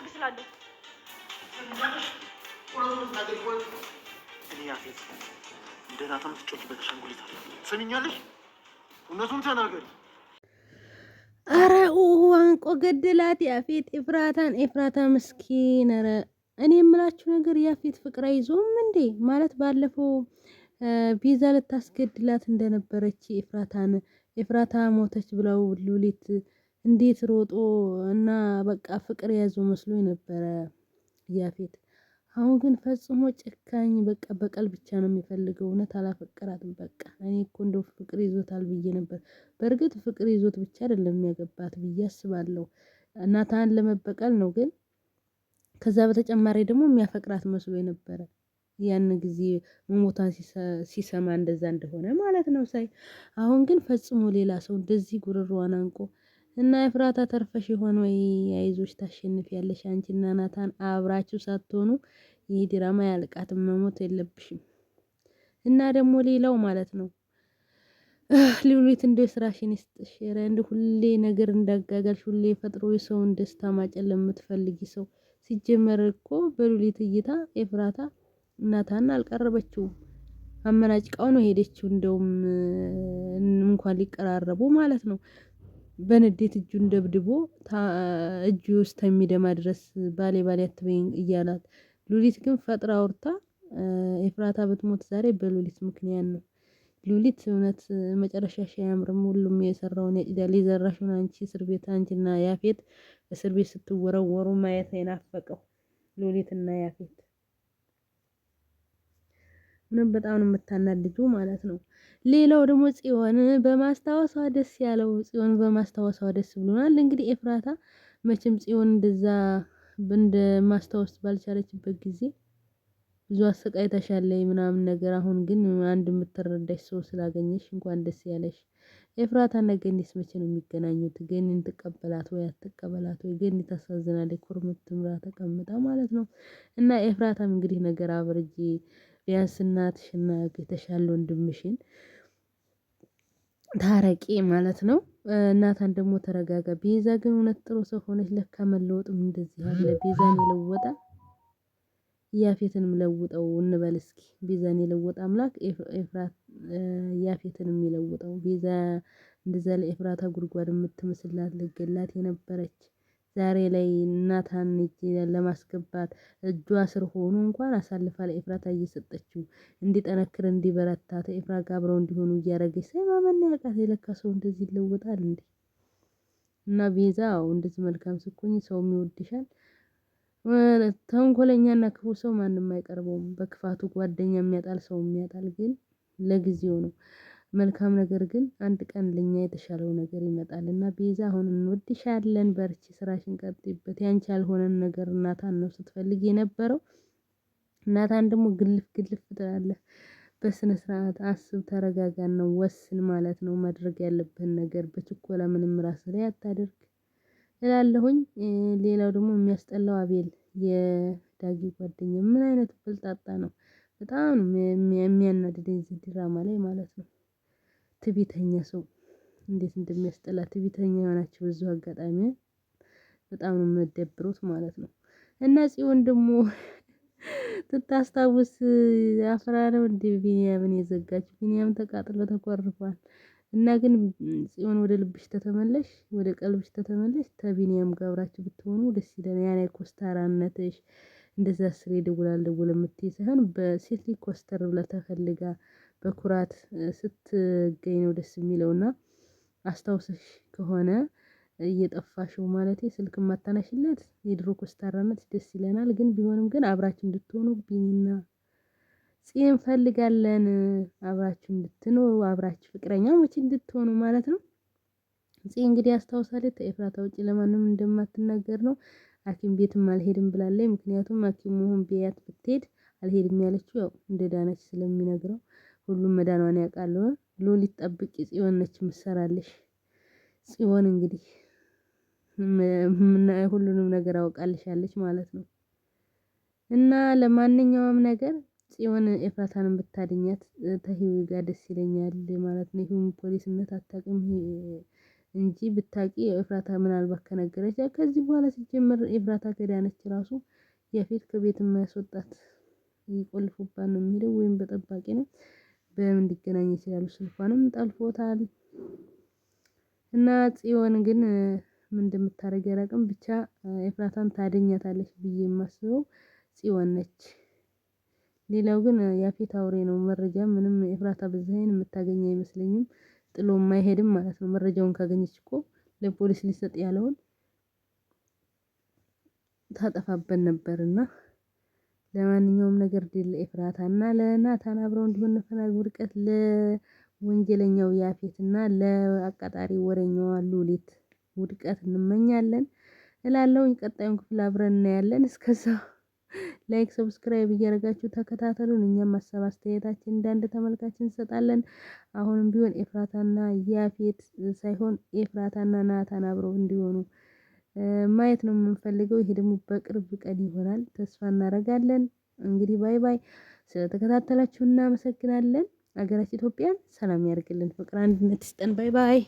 ላደርግ ስላለሁ እኔ ያፌት እንደ ናታ ምትጮችበት አሻንጉሊት አለ። ትሰሚኛለሽ? እውነቱን ተናገሪ። አረ አንቆ ገደላት ያፌት ኤፍራታን። ኤፍራታ ምስኪን። ኧረ እኔ የምላችሁ ነገር ያፌት ፍቅር አይዞም እንዴ? ማለት ባለፈው ቤዛ ልታስገድላት እንደነበረች ኤፍራታን ኤፍራታ ሞተች ብለው ሉሊት እንዴት ሮጦ እና በቃ ፍቅር የያዘው መስሎ ነበረ። ያፌት አሁን ግን ፈጽሞ ጨካኝ በቃ በቀል ብቻ ነው የሚፈልገው። እውነት አላፈቀራትም። በቃ እኔ እኮ እንደው ፍቅር ይዞታል ብዬ ነበር። በእርግጥ ፍቅር ይዞት ብቻ አይደለም የሚያገባት ብዬ አስባለሁ። እናታን ለመበቀል ነው። ግን ከዛ በተጨማሪ ደግሞ የሚያፈቅራት መስሎ ነበረ ያን ጊዜ መሞቷን ሲሰማ እንደዛ እንደሆነ ማለት ነው ሳይ፣ አሁን ግን ፈጽሞ ሌላ ሰው እንደዚህ ጉርሯን አንቆ እና ኤፍራታ ተርፈሽ ይሆን ወይ? አይዞሽ ታሸንፊያለሽ። አንቺና ናታን አብራችሁ ሳትሆኑ ይህ ድራማ ያልቃትም፣ መሞት የለብሽም። እና ደግሞ ሌላው ማለት ነው ሉሊት እንደ ስራሽን ይስጥሽ። ኧረ እንደ ሁሌ ነገር እንዳጋጋልሽ፣ ሁሌ ፈጥሮ የሰውን ደስታ ማጨል ለምትፈልጊ ሰው። ሲጀመር እኮ በሉሊት እይታ ኤፍራታ እናታን አልቀረበችውም፣ አመናጭቃው ነው ሄደችው። እንደውም እንኳን ሊቀራረቡ ማለት ነው በንዴት እጁን ደብድቦ እጁ ውስጥ የሚደማ ድረስ ባሌ ባሌ አትበይኝ እያላት፣ ሉሊት ግን ፈጥራ አውርታ ኤፍራታ ብትሞት ዛሬ በሉሊት ምክንያት ነው። ሉሊት እውነት መጨረሻ አያምርም። ሁሉም የሰራውን ያጭዳል። የዘራሽውን አንቺ እስር ቤት አንቺና ያፌት እስር ቤት ስትወረወሩ ማየት የናፈቀው እና ያፌት ምንም በጣም ነው የምታናድጂው ማለት ነው። ሌላው ደግሞ ጽዮን በማስታወሷ ደስ ያለው ጽዮን በማስታወሷ ደስ ብሎናል። እንግዲህ ኤፍራታ መቼም ጽዮን እንደዛ እንደ ማስታወስ ባልቻለችበት ጊዜ ብዙ አሰቃይታሻለች ምናምን ነገር፣ አሁን ግን አንድ የምትረዳሽ ሰው ስላገኘሽ እንኳን ደስ ያለሽ። ኤፍራታ እና ገኒስ መቼ ነው የሚገናኙት? ገኒን ትቀበላት ወይ አትቀበላት ወይ? ገኒ ታሳዝናለች፣ ኩርምት ብላ ተቀምጣ ማለት ነው። እና ኤፍራታም እንግዲህ ነገር አብርጄ ቢያንስ እናትሽና የተሻለ ወንድምሽን ታረቂ ማለት ነው። እናታን ደግሞ ተረጋጋ። ቤዛ ግን እውነት ጥሩ ሰው ሆነች። ለካ መለወጥም እንደዚህ አለ። ቤዛን የለወጠ ያፌትንም ለውጠው እንበል እስኪ። ቤዛን የለወጠ አምላክ ኤፍራት ያፌትንም የለውጠው። ቤዛ እንደዛ ለኤፍራታ ጉድጓድ የምትመስላት ልገላት የነበረች ዛሬ ላይ እናታን እጅ ለማስገባት እጇ ስር ሆኖ እንኳን አሳልፋ ለኤፍራታ እየሰጠችው እንዲጠነክር እንዲበረታ ተኤፍራ ጋር አብረው እንዲሆኑ እያደረገች ሳይማመን ያውቃት የለካ ሰው እንደዚህ ይለወጣል እንዴ! እና ቤዛ እንደዚህ መልካም ስኩኝ ሰውም ይወድሻል። ተንኮለኛና ክፉ ሰው ማንም አይቀርበውም። በክፋቱ ጓደኛ የሚያጣል ሰው የሚያጣል ግን ለጊዜው ነው። መልካም ነገር ግን አንድ ቀን ለኛ የተሻለው ነገር እና ቤዛ አሁን እንወድሻለን በርቺ ስራሽን ቀጥይበት ያንቺ ያልሆነን ነገር እናታን ነው ስትፈልግ የነበረው እናታን ደግሞ ግልፍ ግልፍ ትላለህ በስነ ስርዓት አስብ ተረጋጋን ነው ወስን ማለት ነው ማድረግ ያለብህን ነገር በችኮላ ምንም ራስ ላይ አታደርግ እላለሁኝ ሌላው ደግሞ የሚያስጠላው አቤል የዳጊ ጓደኛ ምን አይነት ብልጣጣ ነው በጣም የሚያናድደኝ እዚህ ድራማ ላይ ማለት ነው ትቢተኛ ሰው እንዴት እንደሚያስጠላ ትቢተኛ የሆናቸው ብዙ አጋጣሚ በጣም ነው የምትደብሩት ማለት ነው። እና ጽዮን ደግሞ ትታስታውስ አፍራ ነው እንዴ ቢንያምን የዘጋች ቢንያም ተቃጥሎ ተኮርፏል። እና ግን ጽዮን ወደ ልብሽ ተተመለሽ፣ ወደ ቀልብሽ ተተመለሽ፣ ተቢንያም ጋብራችሁ ብትሆኑ ደስ ይለናል። ያኔ ኮስታራነትሽ እንደዛ ስሬ ደውላለሁ የምትይ ሳይሆን በሴት ኮስተር ብላ ተፈልጋ በኩራት ስትገኝ ነው ደስ የሚለውና አስታውሰሽ ከሆነ እየጠፋሽው ማለት ስልክ ማታነሽለት የድሮ ኮስታራነት ደስ ይለናል። ግን ቢሆንም ግን አብራችሁ እንድትሆኑ ቢኒና ጺ እንፈልጋለን አብራችሁ እንድትኖሩ አብራችሁ ሞች እንድትሆኑ ማለት ነው። ጽ እንግዲህ አስታውሳለች ከኤፍራታ ውጪ ለማንም እንደማትናገር ነው። ሐኪም ቤትም አልሄድም ብላለች። ምክንያቱም ሐኪም መሆን ቢያት ብትሄድ አልሄድም ያለችው ያው እንደዳነች ስለሚነግረው ሁሉም መዳኗን ያውቃል። ሉሊት ጠብቂ ጽዮን ነች ምሰራለሽ። ጽዮን እንግዲህ ሁሉንም ነገር አውቃልሻለች ማለት ነው። እና ለማንኛውም ነገር ጽዮን ኤፍራታንም ብታድኛት ተህይወ ጋር ደስ ይለኛል ማለት ነው። ይሁን ፖሊስነት አታውቅም እንጂ ብታቂ ኤፍራታ ምናልባት ከነገረች ከዚህ በኋላ ሲጀምር ኤፍራታ ከዳነች ራሱ የፊት ከቤት የማያስወጣት ይቆልፉባት ነው የሚለው ወይም በጠባቂ ነው። በምን ሊገናኝ ይችላል? ስልኳንም ጠልፎታል። እና ጽዮን ግን ምን እንደምታደርግ አላውቅም ብቻ ኤፍራታን ታደኛታለች ብዬ የማስበው ጽዮን ነች። ሌላው ግን ያፌት አውሬ ነው መረጃ ምንም ኤፍራታ በዚህ አይን የምታገኝ አይመስለኝም። ጥሎ የማይሄድም ማለት ነው መረጃውን ካገኘች እኮ ለፖሊስ ሊሰጥ ያለውን ታጠፋበት ነበርና ለማንኛውም ነገር ድል እና ለናታን አብረው እንዲሆን እንፈናግ ውድቀት ለወንጀለኛው እና ለአቃጣሪ ወረኛዋ ሉሊት ውድቀት እንመኛለን። እላለሁኝ ቀጣዩን ክፍል አብረን እናያለን። እስከዛው ላይክ ሰብስክራይብ እያደረጋችሁ ተከታተሉን። እኛም ሀሳብ አስተያየታችን እንዳንድ ተመልካችን እንሰጣለን። አሁንም ቢሆን ኤፍራታና ያፌት ሳይሆን ኤፍራታና ናታን አብረው እንዲሆኑ ማየት ነው የምንፈልገው። ይሄ ደግሞ በቅርብ ቀን ይሆናል ተስፋ እናደርጋለን። እንግዲህ ባይ ባይ። ስለተከታተላችሁ እናመሰግናለን። ሀገራችን ኢትዮጵያን ሰላም ያድርግልን ፍቅር አንድነት ይስጠን። ባይ ባይ